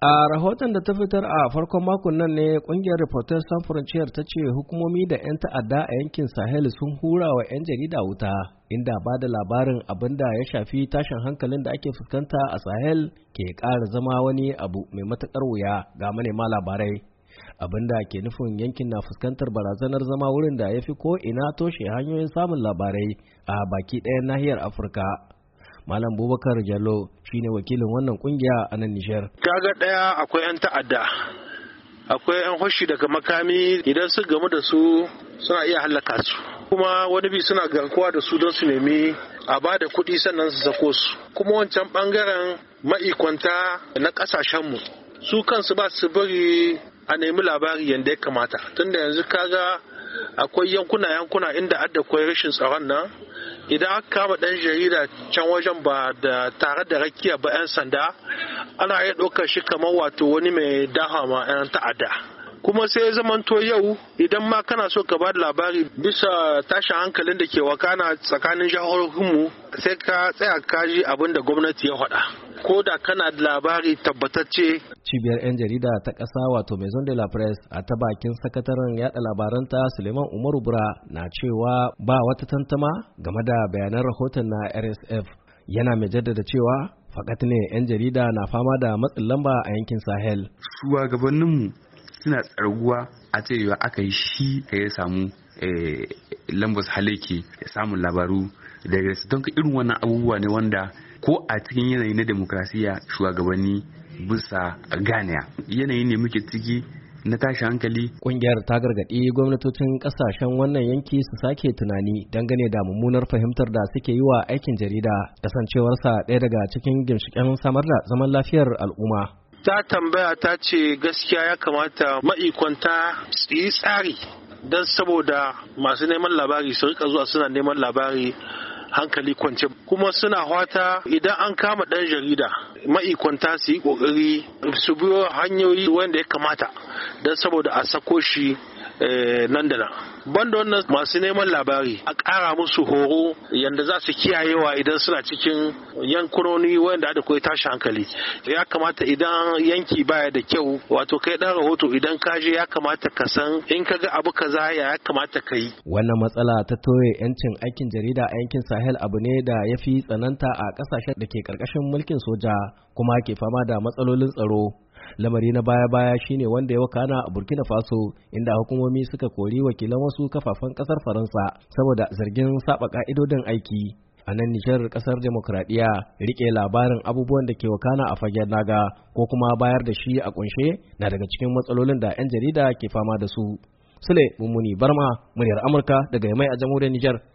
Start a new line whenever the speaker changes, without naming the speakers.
a rahoton da ta fitar a farkon makon nan ne kungiyar reporters san frontier ta ce hukumomi da 'yan ta'adda a yankin sahel sun hura wa 'yan jarida wuta inda ba da labarin abin da ya shafi tashin hankalin da ake fuskanta a sahel ke ƙara zama wani abu mai matuƙar wuya ga manema labarai abin da ke nufin yankin na fuskantar barazanar zama wurin da ya fi ko ina toshe hanyoyin samun labarai a baki ɗayan nahiyar afirka Malam Bubakar Jallo shine wakilin wannan kungiya a nan Nijar.
Kaga daya akwai 'yan ta'adda akwai 'yan hushi daga makami idan su gamu da su suna iya hallaka su kuma wani bi suna gankuwa da su don su nemi a ba da kuɗi sannan su sako su kuma wancan bangaren ma'ikwanta na ƙasashenmu su kansu ba su bari a nemi labari yadda ya kamata tunda yanzu kaga akwai yankuna yankuna inda adda kwai rashin tsaron nan idan aka kama dan jarida can wajen ba da tare da rakiya ba 'yan sanda ana iya ɗaukar shi kamar wato wani mai dahama 'yan ta'adda kuma sai ya zamanto yau idan ma kana so ka ba da labari bisa tashin hankalin da ke wakana tsakanin jihohinmu sai ka tsaya ka ji abin da gwamnati ya faɗa ko da kana da labari tabbatacce
cibiyar 'yan jarida ta ƙasa wato maison de la presse a ta bakin sakataren yada labaranta suleiman umaru bura na cewa ba wata tantama game da bayanan rahoton na rsf yana mai jaddada cewa fakat ne 'yan jarida na fama da matsin lamba a yankin sahel shugabanninmu suna tsarguwa a cewa aka yi shi da ya samu eh, lambas halake ya samun labaru da su don ka irin wannan abubuwa ne wanda ko a cikin yanayi na demokrasiya shugabanni bisa ganiya yanayi ne muke ciki na tashi hankali. Kungiyar ta gargaɗi gwamnatocin ƙasashen wannan yanki su sake tunani dangane da mummunar fahimtar da suke yi wa aikin jarida kasancewarsa ɗaya daga cikin ginshiƙen samar da zaman lafiyar al'umma.
ta tambaya ta ce gaskiya ya kamata ma'ikonta su yi tsari don saboda masu neman labari su rika zuwa suna neman labari hankali kwance kuma suna hwata idan an kama ɗan jarida ma'ikonta su yi ƙoƙari su biyo hanyoyi wanda ya kamata don saboda a sako shi Eh, nan da nan da wannan masu neman labari a ƙara musu horo yadda za su kiyayewa idan suna cikin yankunoni wanda da kai tashi hankali ya kamata idan yanki baya da kyau wato kai dan rahoto idan ka je ya kamata ka san in ka ga abu kaza ya kamata ka yi
wannan matsala ta toye yancin aikin jarida a yankin sahel abu ne da ya fi tsananta a ƙasashen da ke ƙarƙashin mulkin soja kuma ke fama da matsalolin tsaro lamari na baya-baya shine wanda ya wakana a burkina faso inda hukumomi suka kori wakilan wasu kafafen kasar faransa saboda zargin saba ka'idodin aiki a nan Nijar kasar demokradiyya rike labarin abubuwan da ke wakana a fagen naga ko kuma bayar da shi a kunshe na daga cikin matsalolin da 'yan jarida ke fama da su sule mummuni barma muryar amurka daga mai a jamhuriyar nijar